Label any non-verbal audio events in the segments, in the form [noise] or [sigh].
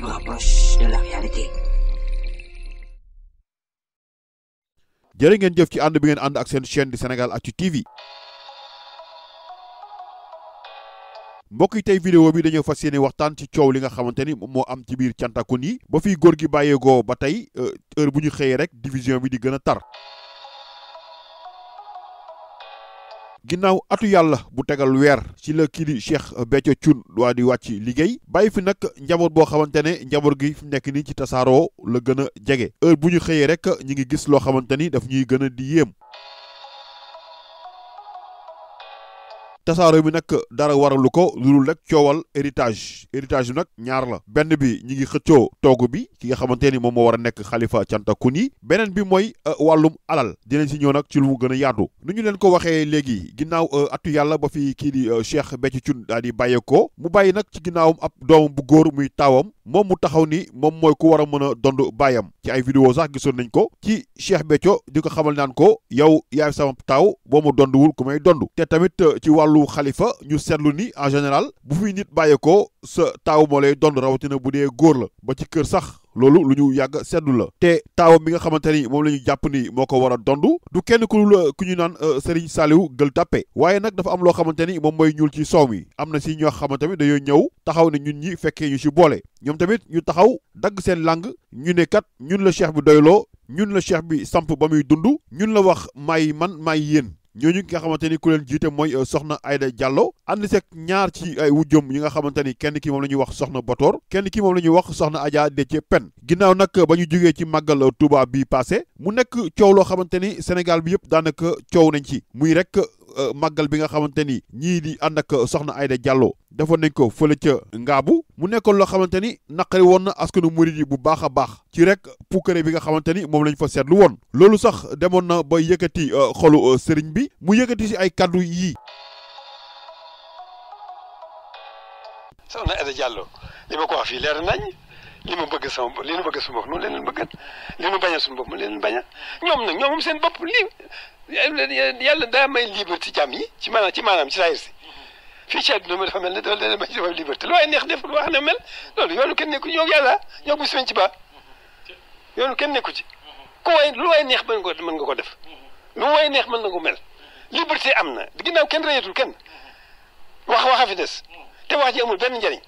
qui ngeen jëf ci ànd bi ngeen ànd ak seen chaîne di ak ci TV. mbokk tey vidéo bi dañoo fas yéene waxtaan ci coow li nga xamante ni moo am ci biir cantakun yi ba fiy góor gi bàyyeegoo ba tey euh, heure bu ñu xëyee rek division bi di gën a tar. ginnaaw atu yàlla bu tegal weer ci la kii di becc Béthio Thioune waa di wàcc liggéey bàyyi fi nag njaboot boo xamante ne njaboot gi fi mu nekk nii ci tasaaroo la gën a jege heure bu ñu xëyee rek ñu ngi gis loo xamante ni daf ñuy gën a di yéem tasaaro bi nag dara waralu ko lulul nag coowal héritage héritage bi nag ñaar la benn bi ñi ngi xëccoo toogu bi ki nga xamante ni moom moo war a nekk xalifa ku ni beneen bi mooy euh, wàllum alal dinañ si ñëw nag ci lu mu gën a yaatu ni ñu leen ko waxee léegi ginnaaw euh, atu yàlla ba fi kii di euh, Cheikh Béthio Thioune daal di bàyyeekoo mu bàyyi nag ci ginnaawam ab doomam bu góor muy taawam moom mu taxaw ni moom mooy ku war a mën a dond bàyyam ci ay vidéo sax gisoon nañ ko ci Cheikh Béthio di ko xamal naan ko yow yaay sama taaw boo ma Khalifa xalifa ñu seetlu en général bu fi nit bàyyeekoo sa taaw moo lay don rawatina bu dee góor la ba ci kër sax loolu lu ñu yàgg la te bi nga xamante ni moom la ñu jàpp ni moo ko war du kenn ku la ñu naan euh, Serigne gël waaye nag dafa am loo xamante ni moom mooy ñuul ci soow mi am na si ñoo xamante taxaw ne ñun ñi fekkee ñu si boole ñoom tamit ñu taxaw dagg seen langue ñu ne kat ñun la cheikh bi doyloo ñun la cheikh bi samp ba ñun ñooñu ki nga xamante ni ku leen jiite mooy euh, soxna ayda Diallo ànd seeg ñaar ci ay wujjëm yi nga xamante ni kenn ki moom la ñuy wax soxna Batoor kenn ki moom la ñuy wax soxna Adja Déthié pen ginnaaw nag ba ñu jógee ci màggal tubaab bi passé mu nekk coow loo xamante ni Sénégal bi yëpp daanaka coow nañ ci muy rek Euh, magal bi nga xamante ni di ànd ak euh, soxna Aïda Diallo defoon nañ ko fële ca Ngaabu mu nekkoon loo xamante ni naqari na askanu murid yi bu baax a baax ci rek puukare bi nga xamante ni moom lañ fa sax na ba yëkkati euh, xolu sëriñ bi mu si ay kàddu yii. soxna Aïda Diallo li ma ko Limu fii leer nañ li ma bëgg sama li nu bëgg sama bopp noonu leen bëggal li nu bañal leen bañal seen yàlla daa may liberté jàmm yi ci maanaam ci maanaam ci saayir si fii ci àdduna ma dafa mel ne dafa leen may dafa liberté lu waaye neex def lu wax ne mel loolu yoonu kenn nekku ñoo yàlla ñoo bis ci ba yoonu kenn nekku ci ku waay lu waay neex mën nga ko mën nga ko def lu waay neex mën na ko mel liberté am na ginnaaw kenn reyatul kenn wax waxa fi des te wax ji amul benn njariñ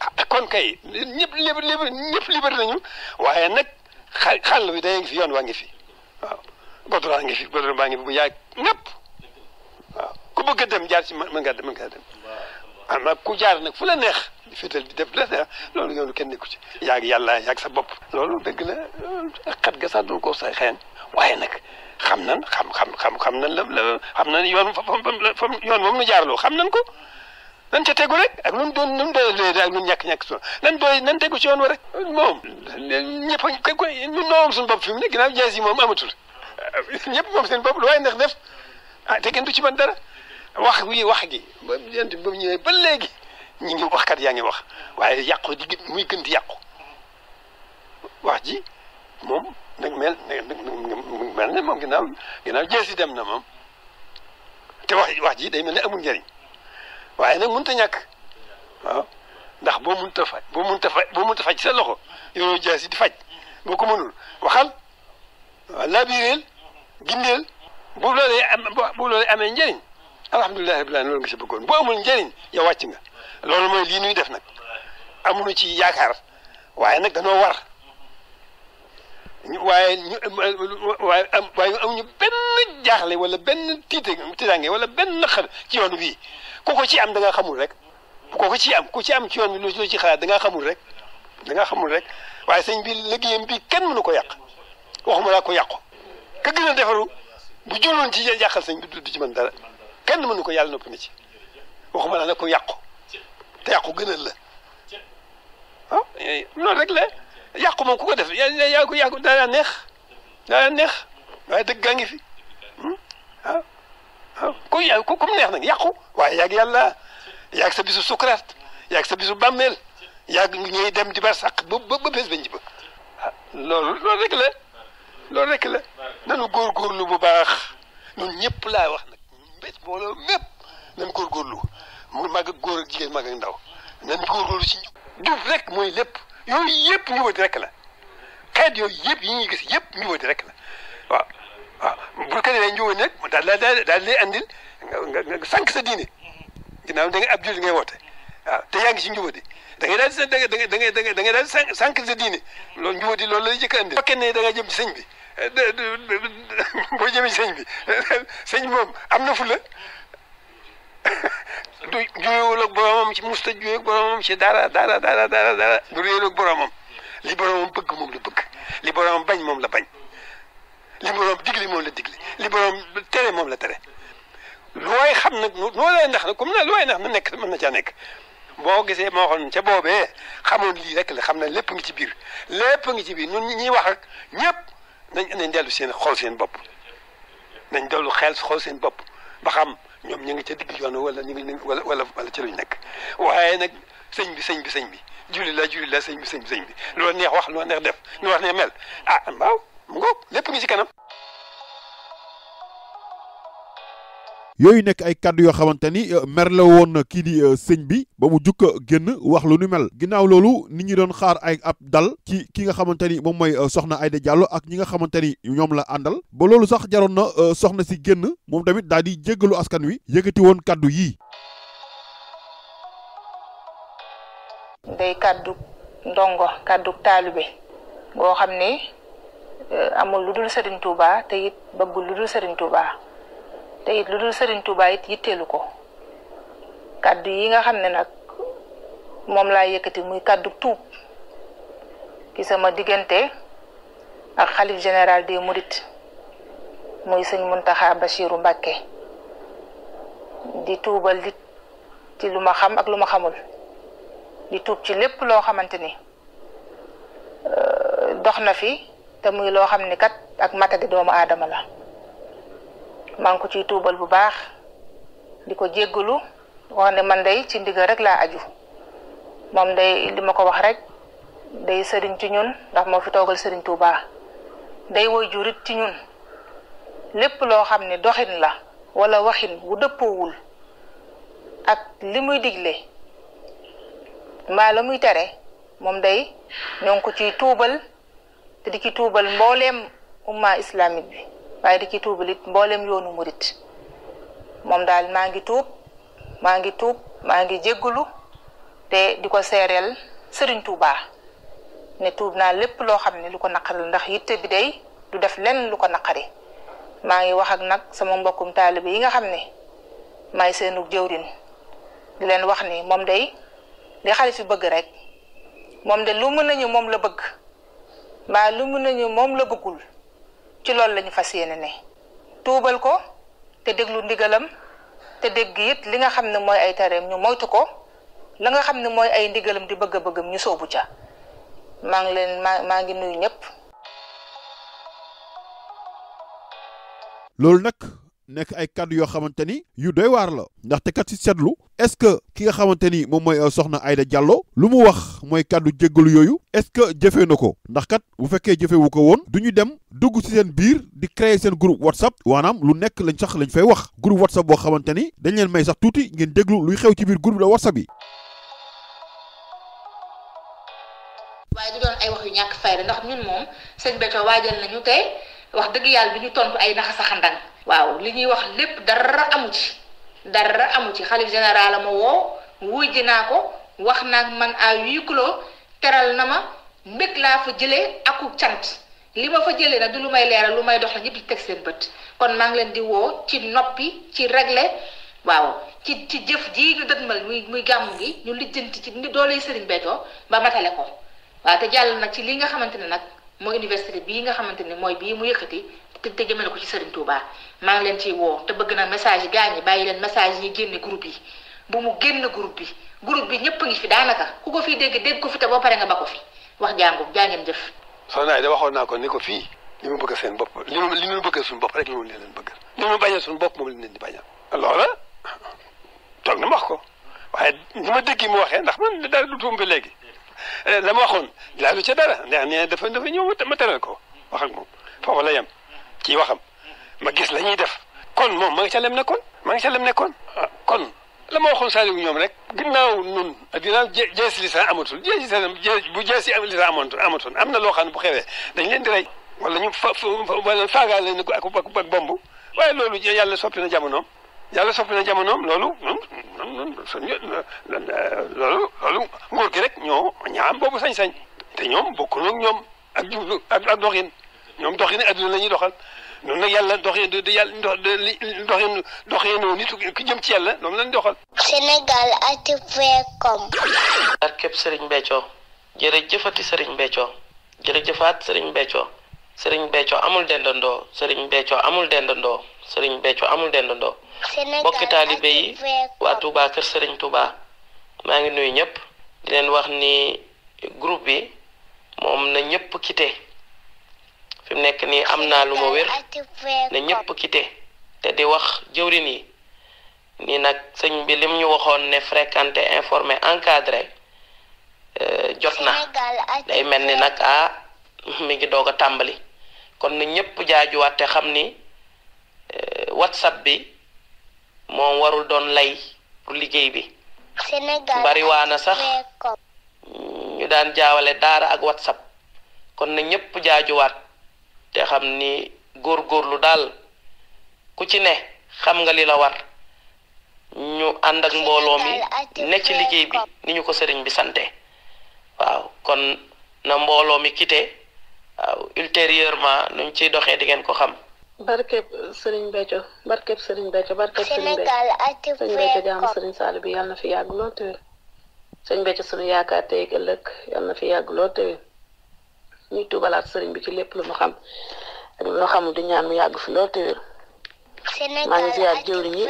ah, kon kay ñëpp lib ñëpp liberté nañu waaye nag xa xàll bi day ngi fi yoon waa ngi fi waaw Gotoran hangi gotoran şey, baa ngi bu yaay ñëpp waaw ku bëgg a dem jaar ci mën nga dem mën nga dem ama ku jaar nag fu la neex di féetal di def la neex loolu yoonu kenn nekku ci yaag yàlla yaag sa bopp loolu dëgg la xat ga sax dul ko sa xeen waaye nag xam nan xam xam xam xam nan la la xam nan yoon fa fa yoon moom nu jaarloo xam nan ko nan ca tegu rek ak nun doon nun doole ak nun ñàkk-ñàkk su nan doy nan tegu ci yoon wa rek moom ñëpp a koy nun moom suñu bopp fi mu ne ginnaaw jees yi moom amatul [laughs] ñëpp moom seen bopp waaye ndax def ah te kenn du ci mën dara wax wi wax gi ba yent ba mu ñëwee léegi ñu ngi kat yaa ngi wax waaye yàqu di muy gën di yàqu wax ji moom nag mel mel ne moom ginnaaw ginnaaw jeesi dem na moom te wax wax ji day mel ne amul njëriñ waaye nag mënut a ñàkk ndax boo mënut a faj boo mënut a faj boo loxo yow jeesi di faj boo ko mënul waxal waaw laa biireel gindeel bu loolee am bu loolee amee njëriñ alhamdulilah rabbil aalamiin loolu nga si bëggoon boo amul njëriñ yow wàcc nga loolu mooy lii nuy def nag amuñu ci yaakaar waaye nag danoo war waaye ñu waaye am waaye amuñu benn jaaxle wala benn tiite tiitaange wala benn xar ci yoon bii ku ko ci am da nga xamul rek ku ko ci am ku ci am ci yoon wi lu ci xalaat da nga xamul rek da nga xamul rek waaye sëñ bi liggéeyam bi kenn mënu ko yàq waxuma laa ko yàqu. ka gën a defaru bu jëloon ci yàqal sëñ bi du ci man dara kenn mënu ko yàlla noppi na ci waxuma la nag ko yàqu te yàqu gënal la ah noonu eh, rek la yàqu moom ku ko def yaa ko yàqu daa neex daa neex waaye dëgg gaa ngi fi hmm? ah ah ku yà ku mu neex nag yàqu waaye yàgg yàlla yàgg sa su sukuraat yàgg sa su bàmmeel yàgg ñuy dem di barsàq ba ba bés ba nji ba ah, loolu loolu loolu rek la nanu lu bu baax ñun ñëpp laa wax nag bés mbooloo mépp nan góorgóorlu mu lu ak góor ak jigéen mag ak ndaw nan góorgóorlu ci jub rek mooy lépp yooyu yëpp njubadi rek la xeet yooyu yëpp yi ñuy gis yëpp njubadi rek la waaw waaw bu ko defee njubadi nag daal la daal lay andil nga nga sànq sa diine ginnaaw da nga ab jullit ngay woote waaw te yaa ci njubadi di da daal di sa diine loolu njubadi lool la jëkk andil fekkee ne da nga jëm ci sëñ bi boo jëmee sëñ bi sëñ moom am na fula du juyewul ak boromam ci musta juyee ak boromam ci dara dara dara dara dara du réeru ak li boromam bëgg moom la bëgg li boromam bañ moom la bañ li moom la digle li borom tere moom la tere looy xam nag noo lay ndax nag comme na looy ndax na nekk mën na caa nekk boo gisee moo xam ca boobee xamoon lii rek la xam na lépp ngi ci biir lépp ngi ci biir ñun ñi ñuy wax ak nañ nañ dellu seen xool seen bopp nañ dellu xel xool seen bopp ba xam ñoom ñu ngi ca digg yoon wala ñu ngi wala wala wala ci luñ nekk waaye nag sëñ bi sëñ bi sëñ bi julli la julli la sëñ bi sëñ bi sëñ loo neex wax loo neex def ñu wax ne mel ah waaw mu ngoog lépp ngi ci kanam yooyu nekk ay kàddu yoo xamante ni euh, mer la woon kii di euh, sëñ bi ba mu jukka génn wax lu nu mel ginnaaw loolu nit ñi doon xaar ay ab dal ci ki nga xamante ni moom mooy euh, soxna Aïda Diallo ak ñi nga xamante ni ñoom la àndal ba loolu sax jaroon na soxna si génn moom tamit daal di jéggalu askan wi yëkkati woon kàddu yii day kàddu ndongo kàddu taalibe boo xam ne amul lu dul Serigne Touba bëggul lu dul Serigne te it lu dul sëriñ Touba it yitteelu ko kàddu yi nga xam ne nag moom laa yëkkati muy kàddu tuub ki sama diggante ak xalif général des Mourides muy sëñ Muntaxa Bachiru Mbàkke di tuubal ci xam ak lu xamul di tuub ci lépp loo xamante euh, fi te muy loo xam kat ak matadi doomu aadama la maa ngi ko ciy tuubal bu baax di ko jéggalu wax ne man day ci ndigal rek laa aju moom day li ma ko wax rek day sëriñ ci ñun ndax moo fi toogal sëriñ Tuubaa day woy jurit ci ñun lépp loo xam ne doxin la wala waxin bu dëppoowul ak li muy digle mbaa la muy tere moom day ñoo ngi ko ciy tuubal te di ki tuubal mbooleem umma islamique bi waaye di ci tuubalit mboolem yoonu murit moom daal maa ngi tuub maa ngi tuub maa ngi jéggulu te di ko seereel sëriñ Touba ne tuub naa lépp loo xam ne lu ko naqari ndax yitte bi day du def lenn lu ko naqari maa ngi wax ak nag sama mbokkum taalibe yi nga xam ne maay seenu jëwrin di leen wax ni moom day li xale fi bëgg rek moom de lu mën nañu moom la bëgg mbaa lu mën nañu moom la bëggul ci loolu lañu fas yéene ne tuubal ko te déglu ndigalam te dégg it li nga xam ne mooy ay tareem ñu moytu ko la nga xam ne mooy ay ndigalam di bëgg a bëggam ñu soobu ca maa ngi leen maa maa ngi nuyu ñëpp. loolu nag. nekk ay kaddu yoo xamante ni yu doy waar la ndaxte kat si seetlu est-ce que ki nga xamante ni moom mooy euh, soxna Aïda Diallo lu mu wax mooy kàddu jéggalu yooyu est-ce que jëfee na ko ndax kat bu fekkee jëfewu ko woon du ñu dem dugg ci seen biir di créer seen groupe WhatsApp waanaam lu nekk lañ sax lañ fay wax groupe WhatsApp boo xamante ni dañ leen may sax tuuti ngeen déglu luy xew ci biir groupe de WhatsApp yi. waaye wax dëgg yàlla bi ñu tontu ay naxasaxandan waaw li ñuy wax lépp dara amu ci dara amu ci xalif général ma woo wuy naa ko wax naa man à huis clos teral na ma mbég laa fa jëlee aku cant li ma fa jëlee nag du lu may leeral lu may dox la di teg seen bët kon maa ngi leen di woo ci noppi ci régler waaw ci ci jëf jii ñu ma muy muy gàmm gi ñu lijjanti ci ni doole Serigne Béthio ba matale ko waaw te jàll nag ci li nga xamante ne nag moy université bi nga xamanteni moy bi mu yëkëti te te jëmale ko ci Serigne Touba ma ngi len ci wo te bëgg na message gars ñi bàyyi leen message yi génne groupe yi bu mu génn groupe bi groupe bi ñëpp ngi fi daanaka ku ko fi dégg dégg ko fi te bo pare nga bako fi wax jàngu jàngeen jëf. soxna Aida waxoon naa ko ni ko fii li mu bëgg seen bop li mu li mu bëgg suñu bop rek li leen bëgg li mu bañal suñu bopp moom la leen di bañal. loola tok na wax ko waye ni ma dégg mu waxe ndax man da du tumbe légui Eh, la ma waxoon laalu ca dara ndax nee dafa dafa ñëw ma tëral ko wax ak moom foofu la yem ci waxam ma gis la ñuy def kon moom ma nga na lem ne kon ma nga ca lem ne kon ah, kon la ma waxoon Saliou ñoom rek ginnaaw nun ginnaaw jees lisan amatul jees lisan bu jees yi lisan amatul amatul am na loo xam ne bu xewee dañ leen di rey wala ñu fa wala faagaal leen ko ak ak bomb waaye loolu yàlla soppi na jamonoom yàlla soppi na jamonoom loolu hmm? loolu loolu gi rek ñoo ñaam boobu sañ-sañ te ñoom bokkul ak ñoom ak jublu ak ak doxin ñoom doxin adduna la ñuy doxal noonu nag yàlla doxin di yàlla doxin doxinoo nit ki jëm ci yàlla noonu lañ doxal. Sénégal ati com. barkeb Serigne Béthio jërëjëfati Serigne Béthio jërëjëfaat Serigne Béthio Serigne Béthio amul dendandoo sëriñ Béthio amul dendandoo. sëriñ Béthio amul dendandoo mbokki taalibe yi waa Touba kër sëriñ Touba maa ngi nuyu ñëpp di leen wax ni groupe bi moom na ñëpp quitté fi nekk nii am naa lu ma wér na ñëpp quitté te di wax jëwrin yi nii nag sëñ bi lim ñu waxoon ne fréquenté informé encadré euh, jot na day mel ni nag ah mi ngi doog a tàmbali kon na ñëpp jaajuwaat te xam ni. Euh, whatsapp bi moom warul doon lay pour liggéey bi bariwaana sax ñu daan jaawale daara ak whatsapp kon na ñépp jaajuwaat te xam ni góor góorlu daal ku ci ne xam nga li la war ñu ànd ak mbooloo mi ne ci liggéey bi ni ñu ko sëriñ bi sante waaw kon na mbooloo mi quitté waaw ultérieurement nuñ ciy doxee di ngeen ko xam barkeb Serigne Béthio barkeb Serigne Béthio barkeb Serigne Béthio sëñ Béthio jaam Serigne Saliou bi yal na fi yàgg sëñ Béthio sunu yaakaar tey ak yal na fi yàgg loo téwén ñuy tuubalaat Serigne bi ci lépp lu mu xam ak loo xamul di ñaan mu yàgg fi loo téwén maa ngi ziar jëwriñ yi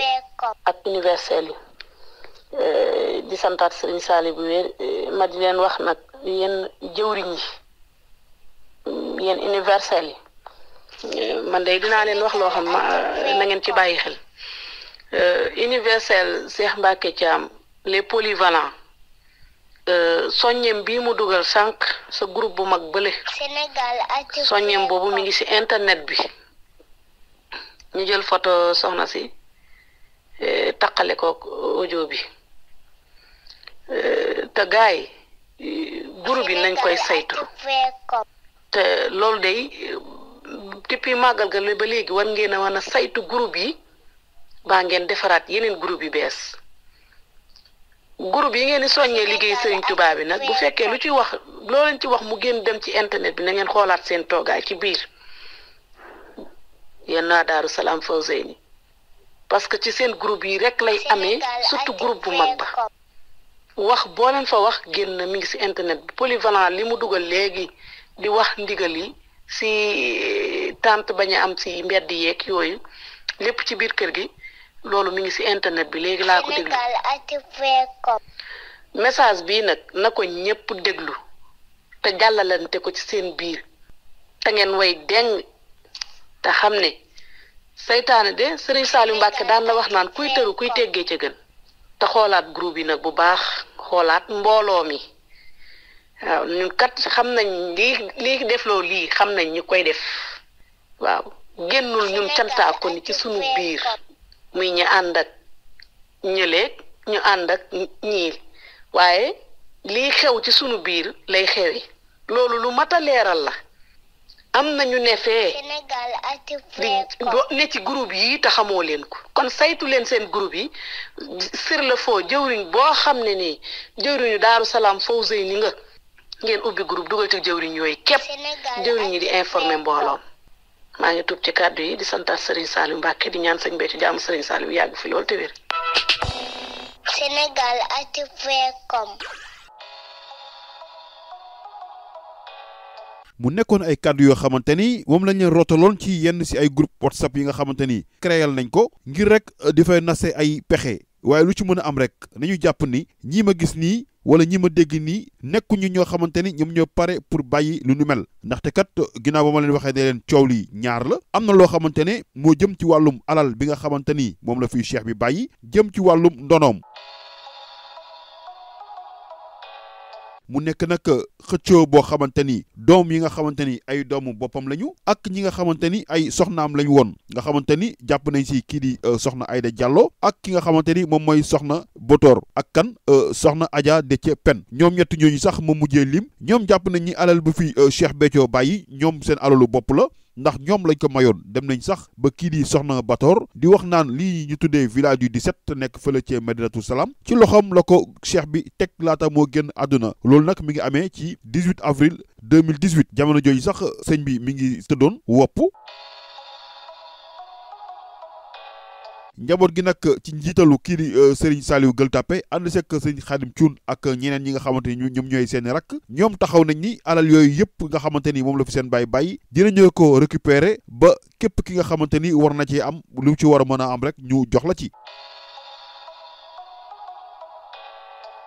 ak universel yi eh, di santaat Serigne Saliou bu eh, ma di leen wax nag yéen jëwriñ yi yéen universel yi man de dinaa leen wax loo xam euh, na ngeen ci bàyyi xel euh, universel Cheikh Mbacké Thiam les polyvalents euh, soññeem bi mu dugal sànq sa groupe bu mag bële soññeem boobu mu ngi ci internet bi ñu jël photo soxna si taqale ko audio bi te gaay groupe yi nañ koy saytu te loolu day depuis màggal ga ba léegi war ngeen a wan a saytu group yi baa ngeen defaraat yeneen group yu bees groupe yi ngeen di soññee liggéey Serigne Touba yi nag bu fekkee lu ci wax loo leen ci wax mu génn dem ci internet bi na ngeen xoolaat seen toogaay ci biir yéen naa Daaru Salaam Fawzeyni parce que ci seen group yi rek lay amee surtout groupe bu mag ba wax boo leen fa wax génn mi ngi ci internet bi polyvalent li mu dugal léegi di wax ndigal yi. si tente bañ a am si mbedd yeeg yooyu lépp ci biir kër gi loolu mu ngi si internet bi léegi laa ko déglu message bii nag na ko ñépp déglu te jàllalante ko ci seen biir te ngeen way deng te xam ne seytaane de sëriñ Saliou Mbacke daan la wax naan kuy tëru kuy teggee ca gën te xoolaat group yi nag bu baax xoolaat mbooloo mi waaw ñun kat xam nañ lii lii defloo lii xam nañ ñu koy def waaw génnul ñun cantaako ni ci suñu biir muy ñu ànd ak ñëleeg ñu ànd ak ñii waaye lii xew ci sunu biir lay xewi loolu lu mat a leeral la am na ñu ne fee di ne ci groupe yi te xamoo leen ko kon saytu leen seen group yi sur le fond jëwriñ boo xam ne nii jëwriñu Daaru Salaam Fawzeyni nga ngeen ubbi groupe dugal ci jëwriñ yooyu képp jëwriñ yi di informer mbooloo maa ngi tuub ci kàddu yi di santaat sëriñ Saliou Mbacke di ñaan sëñ Béthio jaamu sëriñ Saliou yàgg fi lool te wér senegalactu.com mu nekkoon ay kàddu yoo xamante ni moom lañ leen rootaloon ci yenn si ay groupe whatsapp yi nga xamante ni créel nañ ko ngir rek euh, di fay nase ay pexe waaye lu ci mën a am rek nañu jàpp ni ñii ma gis nii wala ñi ma dégg nii nekkuñu ñoo xamante ni ñoom ñoo pare pour bàyyi lu ñu mel ndaxte kat ginnaaw ba ma leen waxee ne leen coow li ñaar la am na loo xamante ne moo jëm ci wàllum alal bi nga xamante ni moom la fiy cheikh bi bàyyi jëm ci wàllum ndonoom mu nekk nag xëccoo boo xamante ni doom yi nga xamante ni ay doomu boppam lañu ak ñi nga xamante ni ay soxnaam lañu woon nga xamante ni jàpp nañ si kii di euh, soxna Aïda ak ki nga xamante ni moom mooy soxna Botor ak kan euh, soxna Adja pen nyom ñoom ñett ñooñu sax mu mujjee lim ñoom jàpp nañ ni alal bu fi euh, Cheikh Béthio bàyyi ñoom seen alalu bopp la ndax ñoom lañ ko mayoon dem nañ sax ba kii di soxna Bator di wax naan lii ñu tuddee village du 17 nekk fële ci Madinatu Salaam ci loxoom la ko cheikh bi teg laata moo génn àdduna loolu nag mi ngi amee ci 18 avril 2018 jamono jooju sax sëñ bi mi ngi tëddoon wopp njaboot gi nag ci njiitalu kii di euh, Serigne Saliou Gueule Tapée ànd sekk Serigne Khadim Thioune ak ñeneen ñi nga xamante ni ñoom ñooy seen rakk ñoom taxaw nañ ni alal yooyu yëpp nga xamante ni moom la fi seen bàyyi bàyyi dinañu ko récupérer ba képp ki nga xamante ni war na ci am lu ci war a am rek ñu jox la ci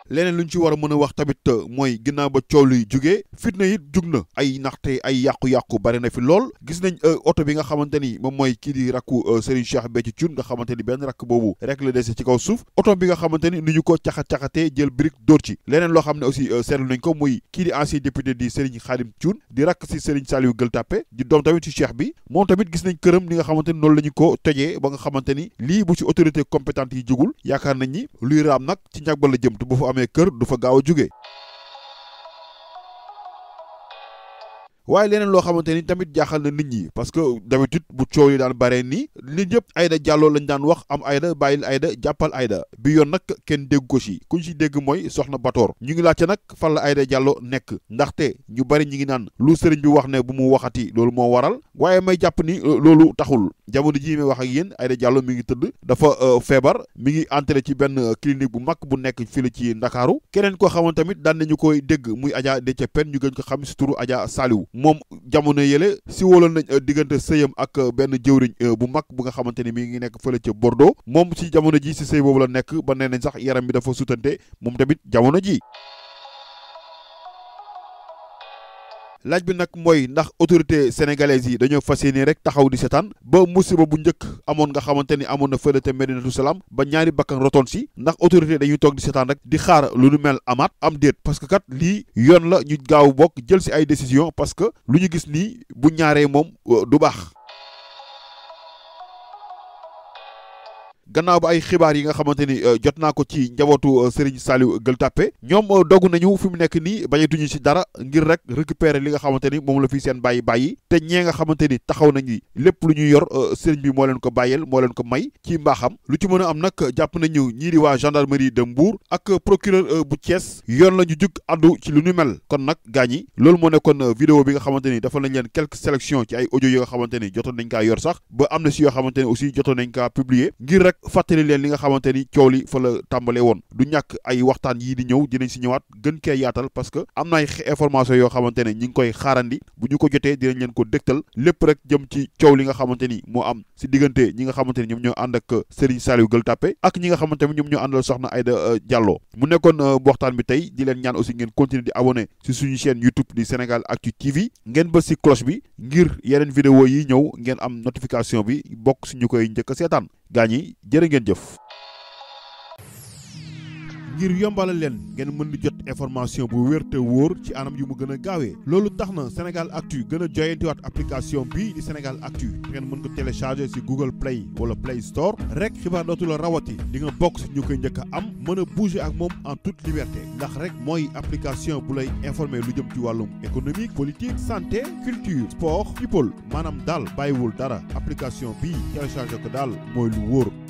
leneen lu ñu ci war a mën a wax tamit euh, mooy ginnaaw ba coow luy jugee fitna it jug na ay naxte ay yàqu-yàqu bari na fi lool gis nañ euh, oto bi nga xamante ni moom mooy kii di rakku euh, Serigne Cheikh Béthio Thioune nga xamante ni benn rakk boobu rek la dese ci kaw suuf oto bi nga xamante ni ni ñu ko caxa-caxatee jël brique ci leneen loo xam ne aussi seetlu nañ ko muy kii di ancien député di Serigne Khadim Thioune di si Serigne Saliou Gueule Tapée di doom tamit ci cheikh bi moom tamit gis nañ këram li nga xamante ni noonu la ñu ko tojee ba nga xamante ni lii bu ci autorité compétente yi jugul yaakaar nañ ni luy raam nag ci njàgbal la jëm te bu fa amee amee kër du fa gaaw a jóge waaye leneen loo xamante ni tamit jaaxal na nit ñi parce que d'habitude bu coow yi daan bare nii nit ñëpp Aïda Diallo lañ daan wax am Aïda bàyyil Aïda jàppal ayda bi yoon nag kenn dégg ko ci kuñ ci dégg mooy soxna Batoor ñu ngi laajte nag fan ayda Aïda nekk ndaxte ñu bari ñu ngi naan lu sëriñ bi wax ne bu mu waxati loolu moo waral waaye may jàpp ni euh, loolu taxul jamono jii may wax ak yéen Aïda Diallo mi ngi tëdd dafa euh, feebar mi ngi entré ci benn euh, clinique bu mag bu nekk fii la ci Ndakaaru keneen koo xamante tamit daan nañu koy dégg muy Adja Déthié Pène ñu gën ko xam ci turu Adja Saliou moom jamono yële si woloon nañ euh, diggante sëyam ak euh, benn jëwriñ euh, bu mag bu nga xamante ni mi ngi nekk fële ca Bordeaux moom si jamono ji si sëy boobu la nekk ba nee nañ sax yaram bi dafa sutante moom tamit jamono ji laaj bi nak moy, ndax autorité sénégalaise yi dañoo fas rek taxaw di sétane ba musiba bu ñëk amon nga xamanteni ni na fële te Medinatu Salaam ba ñaari bakkan rotoon si ndax autorité dañuy tok di sétane rek di xaar lu nu mel amaat am deet parce que kat li yoon la ñu gaaw bok jël ci ay décision parce que lu ñu gis nii bu ñaaree mom euh, du baax gannaaw ba ay xibaar yi nga xamante ni euh, jot naa ko ci njabootu euh, Serigne Saliou Gueltapé Tapée ñoom euh, dogu nañu fi mu nekk nii bañatuñu ci dara ngir rek récupérer li nga xamante ni moom la fi seen bàyyi bàyyi te ñee nga xamante ni taxaw nañu lépp lu ñu yor sëriñ bi moo leen ko bàyyeel moo leen ko may ci mbaaxam lu ci mën a am nag jàpp nañu ñii di waa gendarmerie de Mbour ak procureur bu Thiès yoon la ñu jug addu ci lu ñu mel kon nag gaañ yi loolu moo nekkoon vidéo bi nga xamante ni dafa nañ leen quelques sélection ci ay audio yi nga xamante ni jotoon nañ kaa yor sax ba am na si yoo xamante ni aussi jotoon nañ kaa publier ngir rek fàttali leen li nga xamante ni coow li fa la tàmbale woon du ñàkk ay waxtaan yii di ñëw dinañ si ñëwaat gën kee yaatal parce que am na ay information yoo xamante ne ñi ngi koy xaarandi bu ñu ko jotee dinañ leen ko dégtal lépp rek jëm ci coow li nga xamante ni moo am si diggante ñi nga xamante ni ñoom ñoo ànd ak euh, Serigne Saliou Gueule Tapée ak ñi nga xamante ni ñoom ñoo àndal soxna Aïda euh, Diallo mu nekkoon euh, waxtaan bi tey di leen ñaan aussi ngeen continuer di abonné si suñu chaîne YouTube di Sénégal Actu TV ngeen bës si cloche bi ngir yeneen vidéo yi ñëw ngeen am notification bi bokk si ñu koy njëkk seetaan gaañ yi jërë ngeen jëf. ngir yombalal len ngeen mën di jot information bu wér te wóor ci anam yu mu gën a gaawee loolu tax na Sénégal Actu gën a joyantiwaat application bii di Sénégal Actu ngeen mën ko télécharger si Google Play wala Play Store rek xibaar dootu la rawati li nga bokk si ñu koy njëkk a am mën a bouger ak moom en toute liberté ndax rek mooy application bu lay informer lu jëm ci wàllum économique politique santé culture sport people maanaam daal bàyyiwul dara application bii télécharger ko daal mooy lu wóor